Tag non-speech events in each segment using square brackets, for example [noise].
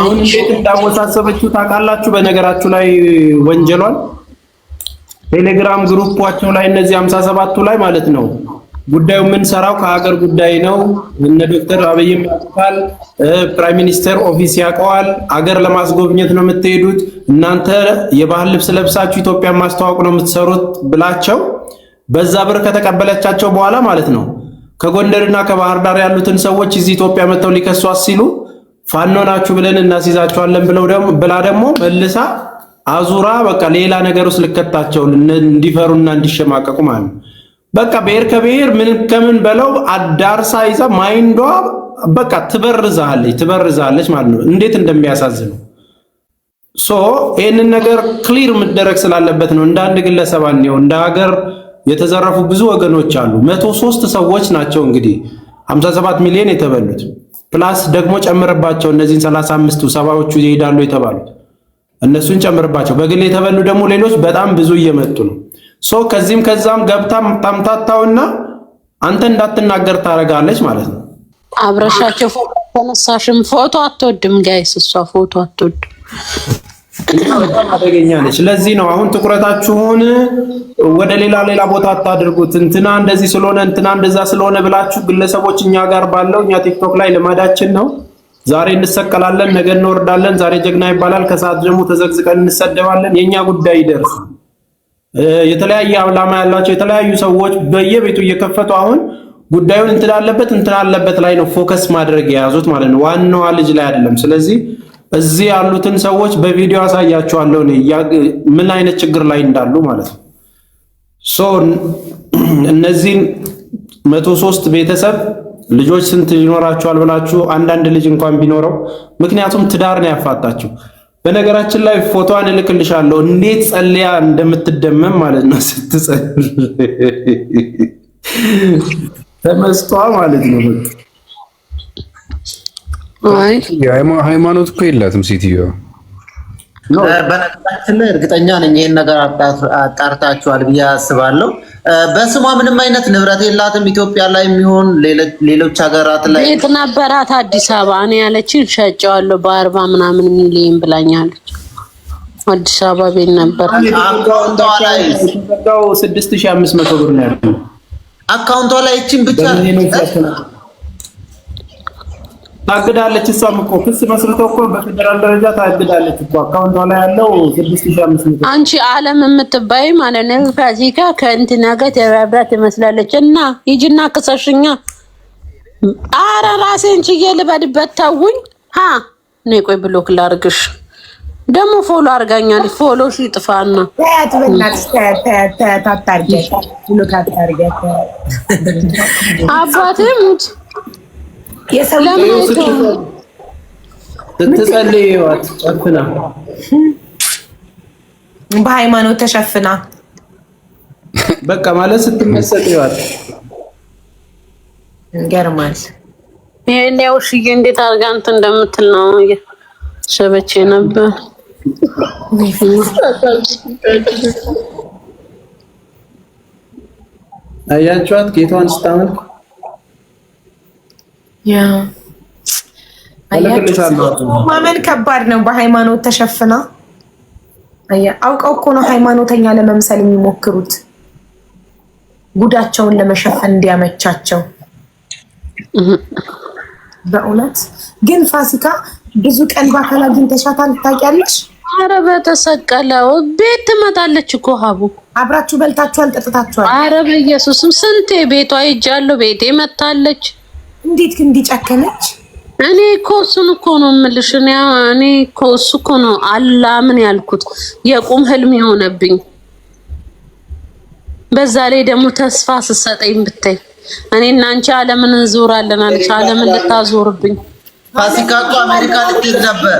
አሁን እንዴት እንዳወሳሰበችው ታውቃላችሁ? በነገራችሁ ላይ ወንጀሏን ቴሌግራም ግሩፓቸው ላይ እነዚህ ሃምሳ ሰባቱ ላይ ማለት ነው ጉዳዩ የምንሰራው ከሀገር ጉዳይ ነው። እነ ዶክተር አብይም ያውቃል፣ ፕራይም ሚኒስተር ኦፊስ ያውቀዋል። አገር ለማስጎብኘት ነው የምትሄዱት እናንተ የባህል ልብስ ለብሳችሁ ኢትዮጵያን ማስተዋወቅ ነው የምትሰሩት ብላቸው በዛ ብር ከተቀበለቻቸው በኋላ ማለት ነው ከጎንደርና ከባህር ዳር ያሉትን ሰዎች እዚህ ኢትዮጵያ መጥተው ሊከሷት ሲሉ ፋኖ ናችሁ ብለን እናስይዛቸዋለን ብለው ደግሞ ብላ ደግሞ መልሳ አዙራ በቃ ሌላ ነገር ውስጥ ልከታቸው እንዲፈሩና እንዲሸማቀቁ ማለት ነው። በቃ ብሔር ከብሔር ምን ከምን በለው አዳርሳ ይዛ ማይንዷ በቃ ትበርዛለች ትበርዛለች ማለት ነው። እንዴት እንደሚያሳዝነው ሶ ይህንን ነገር ክሊር መደረግ ስላለበት ነው። እንደ አንድ ግለሰብ አንየው፣ እንደ ሀገር የተዘረፉ ብዙ ወገኖች አሉ። መቶ ሶስት ሰዎች ናቸው እንግዲህ 57 ሚሊዮን የተበሉት ፕላስ ደግሞ ጨምርባቸው እነዚህን ሰላሳ አምስቱ ሰባዎቹ ይሄዳሉ የተባሉት እነሱን ጨምርባቸው። በግል የተበሉ ደግሞ ሌሎች በጣም ብዙ እየመጡ ነው። ሶ ከዚህም ከዛም ገብታ ታምታታውና አንተ እንዳትናገር ታደርጋለች ማለት ነው። አብረሻቸው ፎቶ ተነሳሽም ፎቶ አትወድም ጋይስ፣ እሷ ፎቶ አትወድም። በጣም አደገኛ ነች። ለዚህ ነው አሁን ትኩረታችሁን ወደ ሌላ ሌላ ቦታ አታድርጉት። እንትና እንደዚህ ስለሆነ እንትና እንደዛ ስለሆነ ብላችሁ ግለሰቦች እኛ ጋር ባለው እኛ ቲክቶክ ላይ ልማዳችን ነው። ዛሬ እንሰቀላለን፣ ነገ እንወርዳለን። ዛሬ ጀግና ይባላል፣ ከሰዓት ደግሞ ተዘግዝቀን እንሰደባለን። የእኛ ጉዳይ ይደርስ። የተለያየ አላማ ያላቸው የተለያዩ ሰዎች በየቤቱ እየከፈቱ አሁን ጉዳዩን እንትን አለበት እንትን አለበት ላይ ነው ፎከስ ማድረግ የያዙት ማለት ነው፣ ዋናዋ ልጅ ላይ አይደለም። ስለዚህ እዚህ ያሉትን ሰዎች በቪዲዮ አሳያቸዋለሁ ምን አይነት ችግር ላይ እንዳሉ ማለት ነው። ሶ እነዚህን መቶ ሶስት ቤተሰብ ልጆች ስንት ይኖራቸዋል ብላችሁ አንዳንድ ልጅ እንኳን ቢኖረው ምክንያቱም ትዳር ነው ያፋታችሁ። በነገራችን ላይ ፎቶዋን እልክልሻለሁ እንዴት ጸልያ እንደምትደመም ማለት ነው ስትጸል ተመስጧ ማለት ነው። ሃይማኖት እኮ የላትም ሴትዮዋ። በነገራችን ላይ እርግጠኛ ነኝ ይህን ነገር አጣርታችኋል ብዬ አስባለሁ። በስሟ ምንም አይነት ንብረት የላትም። ኢትዮጵያ ላይ የሚሆን ሌሎች ሀገራት ላይ ቤት ነበራት አዲስ አበባ። እኔ ያለችን ሸጨዋለሁ በአርባ ምናምን ሚሊዮን ብላኛለች። አዲስ አበባ ቤት ነበር። ስድስት ሺህ አምስት መቶ ብር ነው ያለው አካውንቷ ላይ ይችን ብቻ ታግዳለች። እሷም እኮ ክስ መስርቶ እኮ በፌደራል ደረጃ ታግዳለች እኮ አካውንቷ ላይ ያለው 6500 አንቺ ዓለም የምትባይ ማለት ነው። ከዚህ ጋር ከእንትና ጋር ተባብራ ትመስላለች። እና ሂጂና ክሰሽኛ። አረ ራሴን ችዬ ልበድበት ተውኝ። ሀ ነይ ቆይ ብሎክ ላርግሽ። ደግሞ ፎሎ አርጋኛል። ፎሎ ሺ ጥፋና ታያት በእናትሽ ስትጸልይዋት ጨፍና በሃይማኖት ተሸፍና በቃ ማለት ስትመሰጥ ይዋት ይገርማል። ይሄን ያው ሽዬ እንዴት አድርጋ እንትን እንደምትል ነው ሸበቼ ነበር። አያችኋት ጌታዋን ስታመልክ ማመን ከባድ ነው። በሃይማኖት ተሸፍና አውቀው እኮ ነው ሃይማኖተኛ ለመምሰል የሚሞክሩት ጉዳቸውን ለመሸፈን እንዲያመቻቸው። በእውነት ግን ፋሲካ ብዙ ቀን በአካል አግኝተሻታል? ታውቂያለሽ? አረ በተሰቀለው ቤት ትመጣለች እኮ ሀቡ። አብራችሁ በልታችኋል፣ ጠጥታችኋል። አረ በኢየሱስም ስንቴ ቤቷ ሄጃለሁ። ቤቴ መታለች። እንዴት እንዲጨከነች እኔ እኮ እሱን እኮ ነው የምልሽ። እኔ እኮ እሱ እኮ ነው አላ ምን ያልኩት የቁም ህልም የሆነብኝ። በዛ ላይ ደግሞ ተስፋ ስሰጠኝ ብታይ እኔ እና አንቺ ዓለምን እንዞራለን አለች። ዓለምን ልታዞርብኝ ፋሲካቱ አሜሪካ ልትሄድ ነበር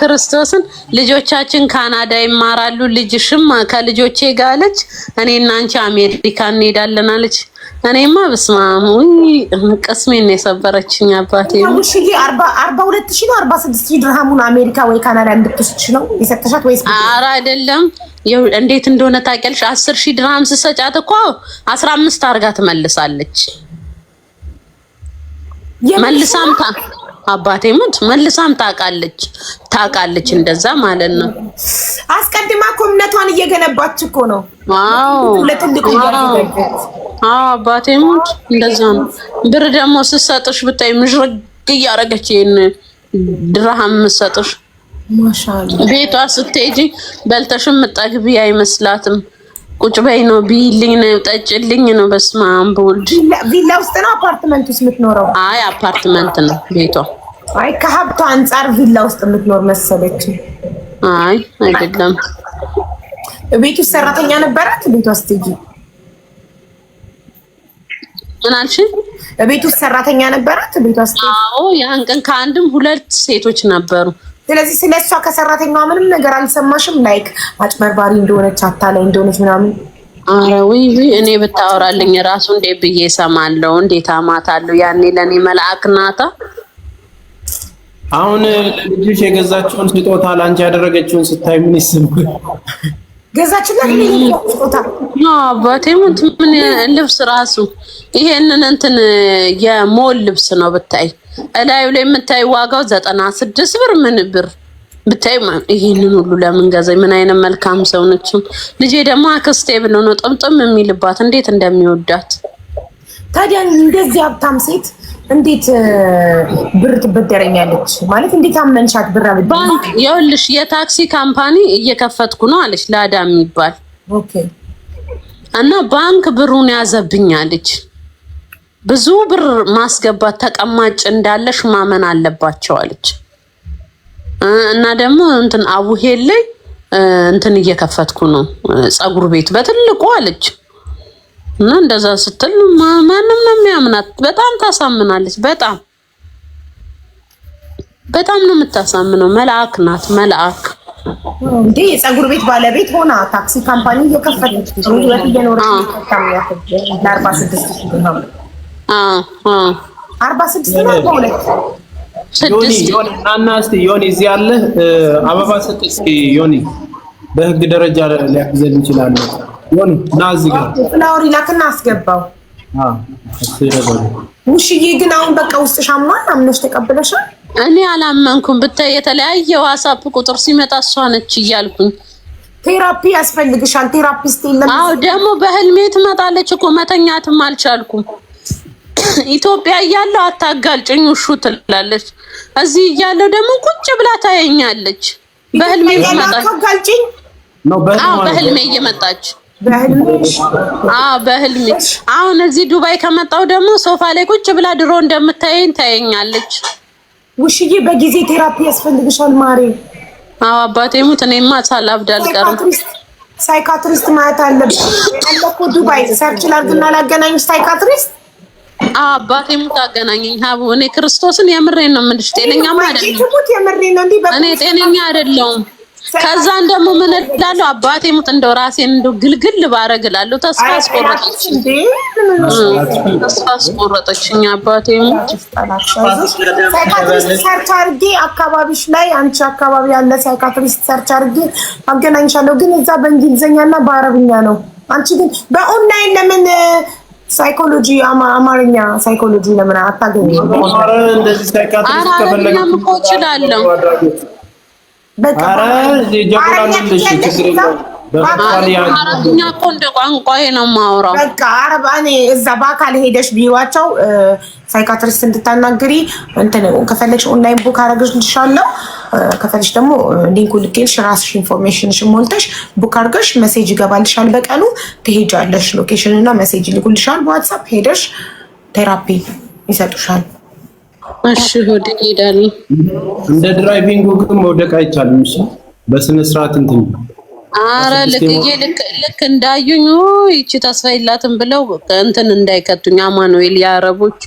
ክርስቶስን ልጆቻችን ካናዳ ይማራሉ። ልጅሽም ከልጆቼ ጋር አለች። እኔ እና አንቺ አሜሪካ እንሄዳለን አለች። እኔማ በስመ አብ ቅስሜን ነው የሰበረችኝ። አባቴ አርባ ሁለት ሺህ ነው አርባ ስድስት ሺህ ድርሃሙን አሜሪካ ወይ ካናዳ ነው የሰጠሻት ወይስ? ኧረ አይደለም እንዴት እንደሆነ ታውቂያለሽ። አስር ሺህ ድርሃም ስሰጫት እኮ አስራ አምስት አድርጋ ትመልሳለች። መልሳም ታ አባቴ ሙት መልሳም ታውቃለች ታውቃለች እንደዛ ማለት ነው። አስቀድማ እኮ እምነቷን እየገነባች እኮ ነው። አዎ ለጥልቁ አባቴ ሙት እንደዛ ነው። ብር ደግሞ ስትሰጥሽ ብታይ ምሽርግ እያደረገች ይሄን ድርሃም ስትሰጥሽ ማሻአላ ቤቷ ስትሄጂ በልተሽም ምጠግቢ አይመስላትም። ቁጭ በይ ነው ቢልኝ ነው ጠጭልኝ ነው። በስመ አብ በወልድ ቪላ ውስጥ ነው አፓርትመንት ውስጥ የምትኖረው? አይ አፓርትመንት ነው ቤቷ። አይ ከሀብቷ አንጻር ቪላ ውስጥ የምትኖር መሰለች። አይ አይደለም። ቤት ውስጥ ሰራተኛ ነበራት። ቤቷ ስትሄጂ ምን አልሽ? ቤት ውስጥ ሰራተኛ ነበራት። ቤቷ ስትሄጂ አዎ፣ ያን ቀን ከአንድም ሁለት ሴቶች ነበሩ። ስለዚህ ስለ እሷ ከሰራተኛዋ ምንም ነገር አልሰማሽም? ላይክ አጭበርባሪ እንደሆነች አታላይ እንደሆነች ምናምን አረ ውይ እኔ ብታወራልኝ ራሱ እንዴ ብዬ ሰማለው እንዴት አማታለሁ? ያኔ ለእኔ መልአክ ናታ። አሁን ልጆች የገዛችውን ስጦታ ለአንቺ ያደረገችውን ስታይ ምን ይስም አባቴ ሙት ምን ልብስ ራሱ ይሄንን እንትን የሞል ልብስ ነው ብታይ እላዩ ላይ የምታይ ዋጋው ዘጠና ስድስት ብር ምን ብር ብታይ ይህንን ሁሉ ለምን ገዛኝ? ምን አይነት መልካም ሰው ነችም። ልጄ ደግሞ አክስቴ ብሎ ነው ጥምጥም የሚልባት እንዴት እንደሚወዳት ታዲያ። እንደዚህ ሀብታም ሴት እንዴት ብር ትበደረኛለች ማለት እንዴት አመንሻት? ብር ባንክ ይኸውልሽ፣ የታክሲ ካምፓኒ እየከፈትኩ ነው አለች ላዳ የሚባል እና ባንክ ብሩን ያዘብኛለች። ብዙ ብር ማስገባት ተቀማጭ እንዳለሽ ማመን አለባቸው አለች። እና ደግሞ እንትን አቡሄ ላይ እንትን እየከፈትኩ ነው ፀጉር ቤት በትልቁ አለች። እና እንደዛ ስትል ማንም ነው የሚያምናት። በጣም ታሳምናለች። በጣም በጣም ነው የምታሳምነው። መልአክ ናት መልአክ እንዴ! የፀጉር ቤት ባለቤት ሆና ታክሲ ካምፓኒ እየከፈተች ነው። አርባ ስድስት ነው በሁለት ስድስት ናና እስኪ ዮኒ እዚህ ያለህ አበባ ስጥ እስኪ ዮኒ በህግ ደረጃ ሊያግዘን ይችላል። ዮኒ ና እዚህ ጋር ፍላወር ይላክና አስገባው። ውሽዬ ግን አሁን በቃ ውስጥ ሻማ አምነሽ ተቀብለሻል። እኔ አላመንኩም። ብታይ የተለያየ ዋሳፕ ቁጥር ሲመጣ እሷ ነች እያልኩኝ ቴራፒ ያስፈልግሻል። ቴራፒስት የለም። አዎ ደግሞ በህልሜ ትመጣለች እኮ መተኛትም አልቻልኩም። ኢትዮጵያ እያለሁ አታጋልጭኝ ውሹ ትላለች። እዚህ እያለሁ ደግሞ ቁጭ ብላ ታየኛለች። በህልሜ ታጋልጭኝ ነው። በህልሜ እየመጣች በህልሜ አሁን እዚህ ዱባይ ከመጣው ደግሞ ሶፋ ላይ ቁጭ ብላ ድሮ እንደምታየኝ ታየኛለች። ውሽዬ በጊዜ ቴራፒ ያስፈልግሻል ማሬ። አዎ አባቴ ሙት፣ እኔማ ሳላብድ አልቀርም። ሳይካትሪስት ማየት አለብሽ። አለኮ ዱባይ ሰርች ላድርግና ላገናኝሽ ሳይካትሪስት አባቴ ሙት አገናኘኝ። ሀቡ እኔ ክርስቶስን የምሬን ነው የምልሽ። እኔ ጤነኛ አይደለሁም። ከዛን ደግሞ ምን እላለሁ አባቴ ሙት እንደው ራሴን እንደው ግልግል ባረግ እላለሁ። ተስፋ አስቆረጠችኝ፣ ተስፋ አስቆረጠችኝ። አባቴ ሙት ሳይካትሪስት ሰርች አድርጌ አካባቢሽ ላይ አንቺ አካባቢ ያለ ሳይካትሪስት ሰርች አድርጌ አገናኝሻለሁ። ግን እዛ በአረብኛ ነው። አንቺ ግን በኦንላይን ለምን ሳይኮሎጂ አማርኛ ሳይኮሎጂ ለምን አታገኝም? እንደዚህ አረብኛ እኮ እንደ ቋንቋዬ ነው የማወራው። በቃ አረብ እኔ እዛ በአካል ሄደሽ ቢዋቸው ሳይካትሪስት እንድታናግሪ እንትን ከፈለግሽ ኦንላይን ቡክ አረግልሻለሁ። ከፈለግሽ ደግሞ ሊንኩ ልኬልሽ ራስሽ ኢንፎርሜሽንሽን ሞልተሽ ቡክ አርገሽ መሴጅ ይገባልሻል። በቀኑ ትሄጃለሽ። ሎኬሽን እና መሴጅ ይልኩልሻል። በዋትሳፕ ሄደሽ ቴራፒ ይሰጡሻል። እሺ ወደ ሄዳለሁ። እንደ ድራይቪንግ ግን መውደቅ አይቻልም። እሺ በስነ ስርዓት እንትን አረ ልክዬ ልክ እንዳዩኝ ይቺ ተስፋ የላትም ብለው እንትን እንዳይከቱኝ አማኑኤል የአረቦች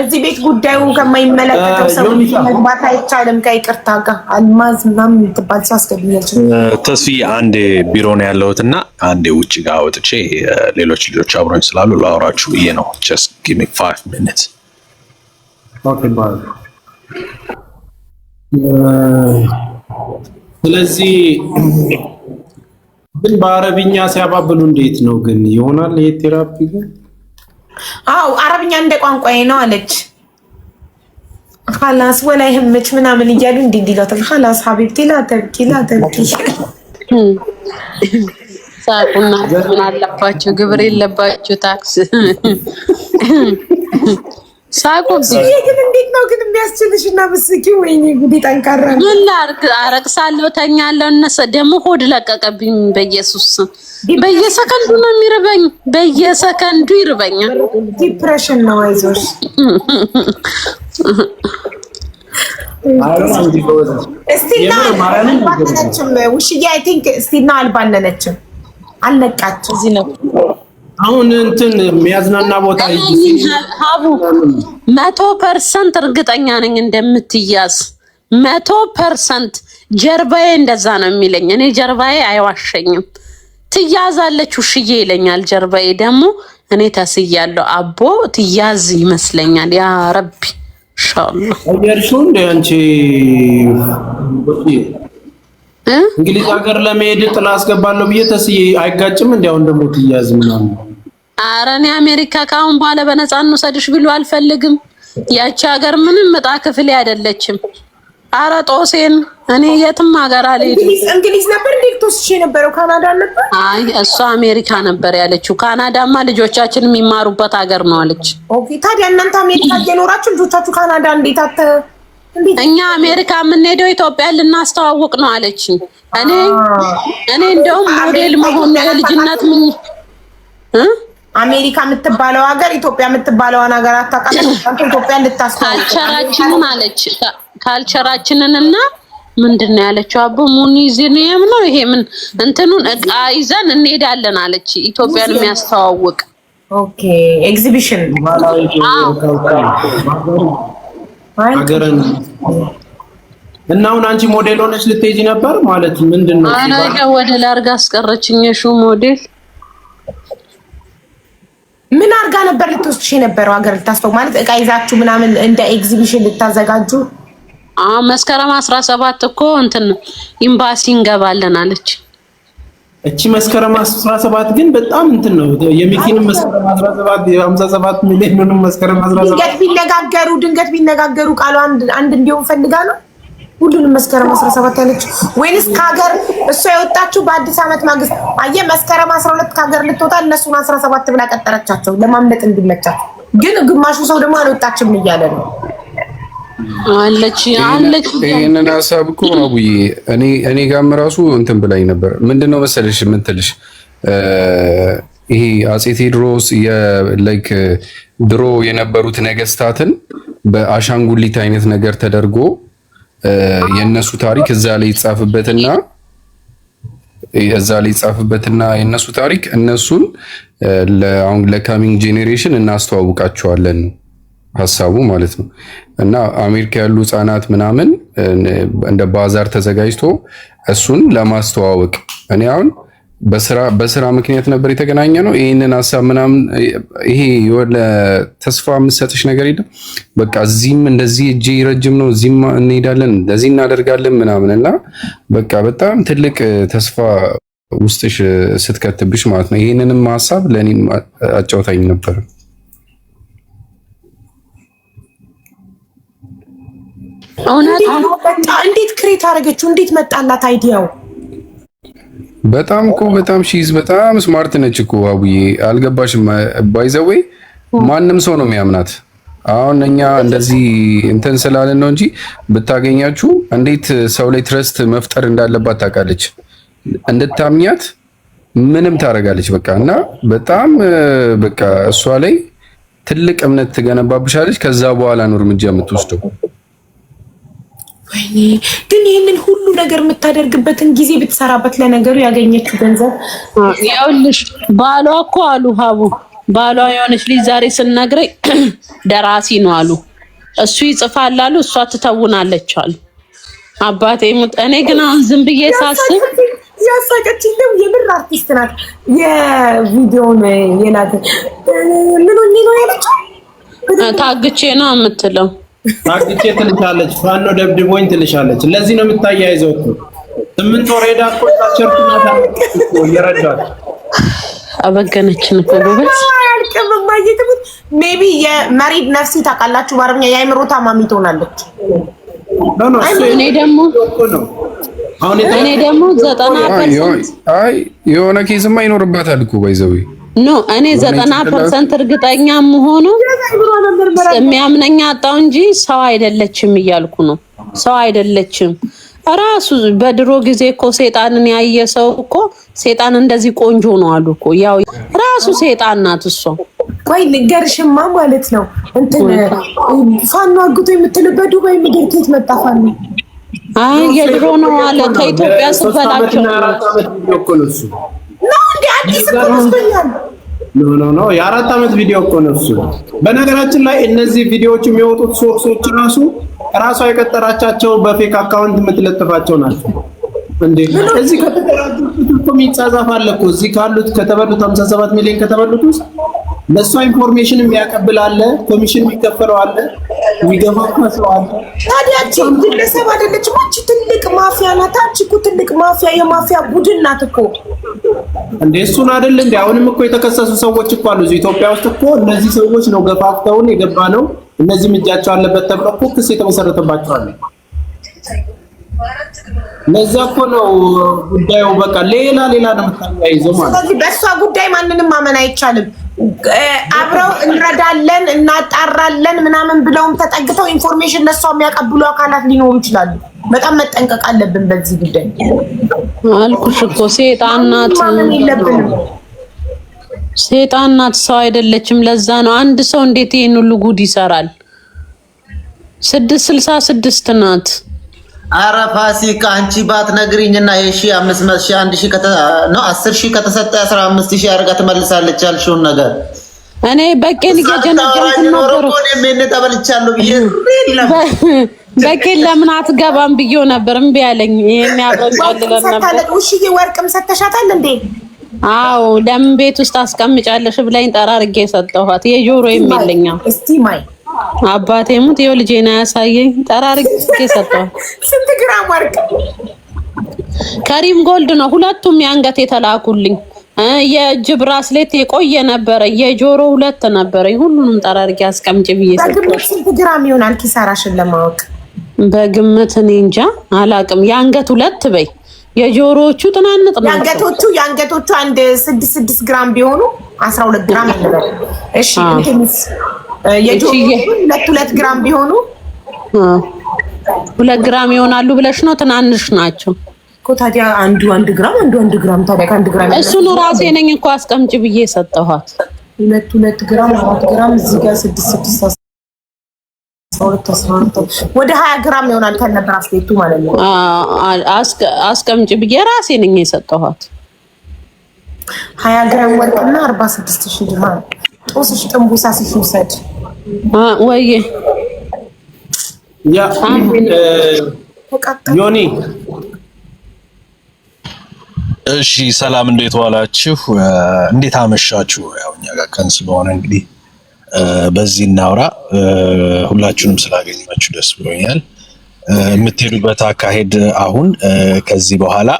እዚህ ቤት ጉዳዩ ከማይመለከተው ሰው መግባት አይቻልም። ከይቅርታ ጋር አልማዝ ምናምን የምትባል ሲያስገብኛል። ተስፊ አንድ ቢሮ ነው ያለሁት እና አንዴ ውጭ ጋር ወጥቼ ሌሎች ልጆች አብሮኝ ስላሉ ላወራችሁ ብዬ ነው። ጀስት ጊቭ ሚ ፋይቭ ሚኒትስ ስለዚህ ግን በአረብኛ ሲያባብሉ እንዴት ነው ግን ይሆናል? ይሄ ቴራፒ ግን አው አረብኛ እንደ ቋንቋዬ ነው አለች። ላስ ወላይ ህምች ምናምን እያሉ እንዲ እንዲላታል። ላስ ሀቢብቲ ላተብኪ ላተብኪ ሳቁና ምን አለባቸው ግብር የለባቸው ታክስ ሳቁብኝ። እንዴት ነው ግን የሚያስችልሽ እና ምስኪን፣ ወይኔ ጉዴ ጠንካራ ምን ላድርግ? አረቅሳለሁ፣ ተኛለሁ። እነሰ ደግሞ ሆድ ለቀቀብኝ። በኢየሱስ በየሰከንዱ ነው የሚርበኝ፣ በየሰከንዱ ይርበኛል። ዲፕሬሽን ነው። አይዞሽ እስቲና አልባነነችም፣ ውሽዬ አይ ቲንክ እስቲና አልባነነችም፣ አልነቃችም። እዚህ ነው አሁን እንትን የሚያዝናና ቦታ ሀቡ መቶ ፐርሰንት እርግጠኛ ነኝ እንደምትያዝ መቶ ፐርሰንት ጀርባዬ እንደዛ ነው የሚለኝ። እኔ ጀርባዬ አይዋሸኝም። ትያዛለች ውሽዬ ይለኛል ጀርባዬ። ደግሞ እኔ ተስያለሁ አቦ ትያዝ ይመስለኛል። ያ ረቢ ኢንሻአላህ እንግሊዝ ሀገር ለመሄድ ጥላ አስገባለሁ ብዬ ተስዬ አይጋጭም። እንዲያውን ደግሞ ትያዝ ምናምን። ኧረ እኔ አሜሪካ ከአሁን በኋላ በነፃ እንውሰድሽ ብሎ አልፈልግም። ያቺ ሀገር ምንም እጣ ክፍሌ አይደለችም። አረ ጦሴን እኔ የትም ሀገር አልሄድም። እንግሊዝ ነበር እንዴ ልትወስድሽ የነበረው? ካናዳ ነበር። አይ እሷ አሜሪካ ነበር ያለችው። ካናዳማ ልጆቻችን የሚማሩበት ሀገር ነው አለች። ኦኬ ታዲያ እናንተ አሜሪካ እየኖራችሁ ልጆቻችሁ ካናዳ እንዴት አተ እኛ አሜሪካ የምንሄደው ኢትዮጵያ ልናስተዋውቅ ነው አለች። እኔ እኔ እንደውም ሞዴል መሆን ነው የልጅነት ምን አሜሪካ የምትባለው ሀገር ኢትዮጵያ የምትባለውን ሀገር አታውቃለች። ኢትዮጵያ ልታስተዋውቅ ካልቸራችንን አለች። ካልቸራችንን እና ምንድን ነው ያለችው? አቦ ሙዚየም ነው ይሄ ምን እንትኑን እቃ ይዘን እንሄዳለን አለች። ኢትዮጵያን የሚያስተዋውቅ ኦኬ ኤግዚቢሽን ሀገርን እና አሁን አንቺ ሞዴል ሆነሽ ልትሄጂ ነበር ማለት ምንድን ነው? አናጋ ወደ ላርጋ አስቀረችኝ። እሹ ሞዴል ምን አርጋ ነበር ልትወስድሽ የነበረው? ሀገር ልታስተው ማለት እቃ ይዛችሁ ምናምን እንደ ኤግዚቢሽን ልታዘጋጁ መስከረም አስራ ሰባት እኮ እንትን ኢምባሲ እንገባለን አለች። እቺ መስከረም 17 ግን በጣም እንትን ነው። የሚኪንም መስከረም 17 የ መስከረም 17 ድንገት ቢነጋገሩ ድንገት ቢነጋገሩ ቃሉ አንድ አንድ እንዲሆን ፈልጋ ነው ሁሉንም መስከረም 17 ያለች ወይንስ ከሀገር እሷ የወጣችው በአዲስ ዓመት ማግስት? አየህ መስከረም 12 ከሀገር ልትወጣ እነሱን 17 ብላ ቀጠረቻቸው ለማምለጥ እንዲመቻቸው። ግን ግማሹ ሰው ደግሞ አልወጣችም እያለ ነው አለች አለች። ይሄንን ሀሳብ እኮ እኔ እኔ ጋርም ራሱ እንትን ብላኝ ነበር። ምንድነው መሰለሽ የምትልሽ ይሄ አጼ ቴዎድሮስ የላይክ ድሮ የነበሩት ነገስታትን በአሻንጉሊት አይነት ነገር ተደርጎ የነሱ ታሪክ እዛ ላይ ይጻፍበትና እዛ ላይ ይጻፍበትና የነሱ ታሪክ እነሱን አሁን ለካሚንግ ጄኔሬሽን እናስተዋውቃቸዋለን ነው ሀሳቡ ማለት ነው እና አሜሪካ ያሉ ህጻናት ምናምን እንደ ባዛር ተዘጋጅቶ እሱን ለማስተዋወቅ እኔ አሁን በስራ ምክንያት ነበር የተገናኘ ነው። ይህንን ሀሳብ ምናምን ይሄ የሆነ ተስፋ የምሰጥሽ ነገር የለም። በቃ እዚህም እንደዚህ እጄ ረጅም ነው፣ እዚህም እንሄዳለን፣ እንደዚህ እናደርጋለን ምናምን እና በቃ በጣም ትልቅ ተስፋ ውስጥሽ ስትከትብሽ ማለት ነው። ይህንንም ሀሳብ ለእኔም አጫውታኝ ነበር። እንዴት ክሬት አደረገችው? እንዴት መጣላት አይዲያው? በጣም እኮ በጣም ሺዝ በጣም ስማርት ነች እኮ አቡዬ፣ አልገባሽም? ባይዘዌ ማንም ሰው ነው የሚያምናት። አሁን እኛ እንደዚህ እንትን ስላለን ነው እንጂ ብታገኛችሁ እንዴት ሰው ላይ ትረስት መፍጠር እንዳለባት ታውቃለች። እንድታምኛት ምንም ታደርጋለች። በቃ እና በጣም በቃ እሷ ላይ ትልቅ እምነት ትገነባብሻለች። ከዛ በኋላ ነው እርምጃ የምትወስደው። ወይኔ ግን ይህንን ሁሉ ነገር የምታደርግበትን ጊዜ ብትሰራበት ለነገሩ ያገኘችው ገንዘብ ያውልሽ። ባሏ እኮ አሉ ሀቡ ባሏ የሆነች ልጅ ዛሬ ስነግረኝ [clears throat] ደራሲ ነው አሉ። እሱ ይጽፋል አሉ፣ እሷ ትተውናለች አሉ። አባቴ ሙት። እኔ ግን አሁን ዝም ብዬ ሳስብ ያሳቀችኝ ነው። የምር አርቲስት ናት። የቪዲዮን የናት ምን ነው ያለችው ታግቼ ነው የምትለው አግቼ ትልሻለች፣ ፋኖ ደብድቦኝ ትልሻለች። ለዚህ ነው የምታያይዘው እኮ ስምንት ወር ሄዳ እኮ ታቸርኩናታ ማታ እየረዳች አበገነችን እኮ ጎበዝ። ሜቢ የመሪድ ነፍሲ ታውቃላችሁ፣ በአረብኛ የአይምሮ ታማሚ ትሆናለች። እኔ ደግሞ እኔ ደግሞ ዘጠና አይ የሆነ ኬስማ ይኖርባታል እኮ ባይዘዌ ኖ እኔ ዘጠና ፐርሰንት እርግጠኛ መሆኑ የሚያምነኝ አጣው እንጂ ሰው አይደለችም እያልኩ ነው። ሰው አይደለችም። ራሱ በድሮ ጊዜ እኮ ሴጣንን ያየ ሰው እኮ ሴጣን እንደዚህ ቆንጆ ነው አሉ እኮ። ያው ራሱ ሴጣን ናት እሷ። ቆይ ንገርሽማ ማለት ነው እንትን ፋኖ አግቶ የምትልበት ዱባይ ምድር ከየት መጣ ፋኖ? አይ የድሮ ነው አለ ከኢትዮጵያ ስበላቸው ኖ የአራት ዓመት ቪዲዮ እኮ ነው እሱ። በነገራችን ላይ እነዚህ ቪዲዮዎች የሚወጡት ሶርሶች ራሱ ራሷ የቀጠራቻቸው በፌክ አካውንት የምትለጥፋቸው ናቸው። እንዴ እዚህ ከተጠራጁት እኮ የሚጻጻፍ አለ እኮ እዚህ ካሉት ከተበሉት 57 ሚሊዮን ከተበሉት ውስጥ ለእሷ ኢንፎርሜሽን የሚያቀብል አለ፣ ኮሚሽን የሚከፈለው አለ ታዲያ አንቺ ግለሰብ አይደለችም። አንቺ ትልቅ ማፊያ ናት። አንቺ እኮ ትልቅ ማፊያ የማፊያ ቡድን ናት እኮ እንደ እሱን አይደል እንደ አሁንም እኮ የተከሰሱ ሰዎች እኮ አሉ እዚህ ኢትዮጵያ ውስጥ እኮ እነዚህ ሰዎች ነው ገፋፍተውን የገባ ነው። እነዚህም እጃቸው አለበት ተብሎ እኮ ክስ የተመሰረተባቸው ለዛ እኮ ነው ጉዳዩ በቃ ሌላ ሌላ ነው የምታያይዘው ማለት ነው። በእሷ ጉዳይ ማንንም ማመን አይቻልም። አብረው እንረዳለን እናጣራለን ምናምን ብለውም ተጠግተው ኢንፎርሜሽን ለሷ የሚያቀብሉ አካላት ሊኖሩ ይችላሉ። በጣም መጠንቀቅ አለብን በዚህ ጉዳይ። አልኩሽ እኮ ሴጣን ናት፣ ሴጣን ናት፣ ሰው አይደለችም። ለዛ ነው አንድ ሰው እንዴት ይሄን ሁሉ ጉድ ይሰራል? ስድስት ስልሳ ስድስት ናት። አረ ፋሲካ አንቺ ባት ነግሪኝ እና የሺ አምስት መቶ ሺ አንድ ሺ ነው አስር ሺ ከተሰጠ አስራ አምስት ሺ አድርጋ ትመልሳለች ያልሽውን ነገር እኔ በቄን እየጀነጀንኩ በቄን ለምን አትገባም ብዬው ነበር እምቢ አለኝ። ይሄን ያበቃልለን ነበር። ውሽዬ ወርቅም ሰተሻታል እንዴ? አዎ ለምን ቤት ውስጥ አስቀምጫለሽ ብላኝ ጠራርጌ ሰጠኋት። የጆሮ የሚለኛ እስቲ ማይ አባቴ ሙት ይኸው ልጄን አያሳየኝ ጠራርጌ ሰጠዋል። ስንት ግራም ወርቅ ከሪም ጎልድ ነው። ሁለቱም የአንገት የተላኩልኝ የእጅ ብራስሌት የቆየ ነበረ፣ የጆሮ ሁለት ነበረ። ሁሉንም ጠራርጌ አስቀምጭ ብዬ ሰጠዋል። ስንት ግራም ይሆናል ኪሳራሽን ለማወቅ በግምት እኔ እንጃ አላቅም። የአንገት ሁለት በይ የጆሮዎቹ ጥናንጥ ነው። የአንገቶቹ የአንገቶቹ አንድ ስድስት ስድስት ግራም ቢሆኑ አስራ ሁለት ግራም ነበር። እሺ የጆሮዎቹ ሁለት ሁለት ግራም ቢሆኑ ሁለት ግራም ይሆናሉ ብለሽ ነው። ትናንሽ ናቸው እኮ ታዲያ አንዱ አንድ ግራም አንዱ አንድ ግራም ታዲያ ከአንድ ግራም እሱን ራሴ ነኝ እኮ አስቀምጭ ብዬ ሰጠኋት። ሁለት ሁለት ግራም አራት ግራም እዚህ ጋር ስድስት ስድስት ወደ ሀያ ግራም ይሆናል ከነበር አስቤቱ ማለት ነው። አስቀምጭ ብዬ ራሴ ነኝ የሰጠኋት ሀያ ግራም ወርቅና አርባ ስድስት ሺ ጦስሽ ጥንቡሳ ስሽ ውሰድ ወይ ዮኒ። እሺ ሰላም፣ እንዴት ዋላችሁ? እንዴት አመሻችሁ? ያው እኛ ጋር ቀን ስለሆነ እንግዲህ በዚህ እናውራ። ሁላችሁንም ስላገኛችሁ ደስ ብሎኛል። የምትሄዱበት አካሄድ አሁን ከዚህ በኋላ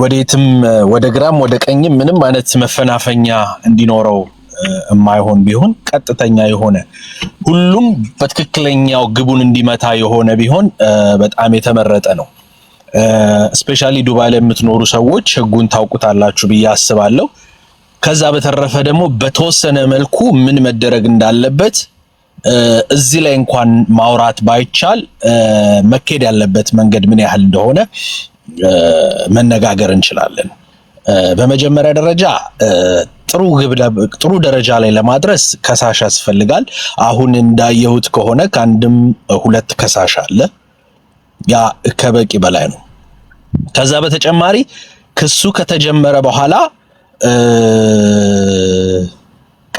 ወዴትም ወደ ግራም ወደ ቀኝም ምንም አይነት መፈናፈኛ እንዲኖረው የማይሆን ቢሆን ቀጥተኛ የሆነ ሁሉም በትክክለኛው ግቡን እንዲመታ የሆነ ቢሆን በጣም የተመረጠ ነው። እስፔሻሊ ዱባይ ላይ የምትኖሩ ሰዎች ህጉን ታውቁታላችሁ ብዬ አስባለሁ። ከዛ በተረፈ ደግሞ በተወሰነ መልኩ ምን መደረግ እንዳለበት እዚህ ላይ እንኳን ማውራት ባይቻል መካሄድ ያለበት መንገድ ምን ያህል እንደሆነ መነጋገር እንችላለን። በመጀመሪያ ደረጃ ጥሩ ግብ ጥሩ ደረጃ ላይ ለማድረስ ከሳሽ ያስፈልጋል። አሁን እንዳየሁት ከሆነ ከአንድም ሁለት ከሳሽ አለ። ያ ከበቂ በላይ ነው። ከዛ በተጨማሪ ክሱ ከተጀመረ በኋላ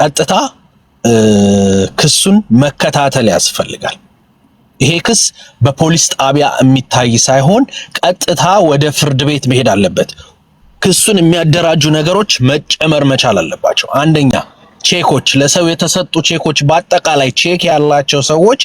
ቀጥታ ክሱን መከታተል ያስፈልጋል። ይሄ ክስ በፖሊስ ጣቢያ የሚታይ ሳይሆን ቀጥታ ወደ ፍርድ ቤት መሄድ አለበት። ክሱን የሚያደራጁ ነገሮች መጨመር መቻል አለባቸው። አንደኛ ቼኮች፣ ለሰው የተሰጡ ቼኮች፣ በአጠቃላይ ቼክ ያላቸው ሰዎች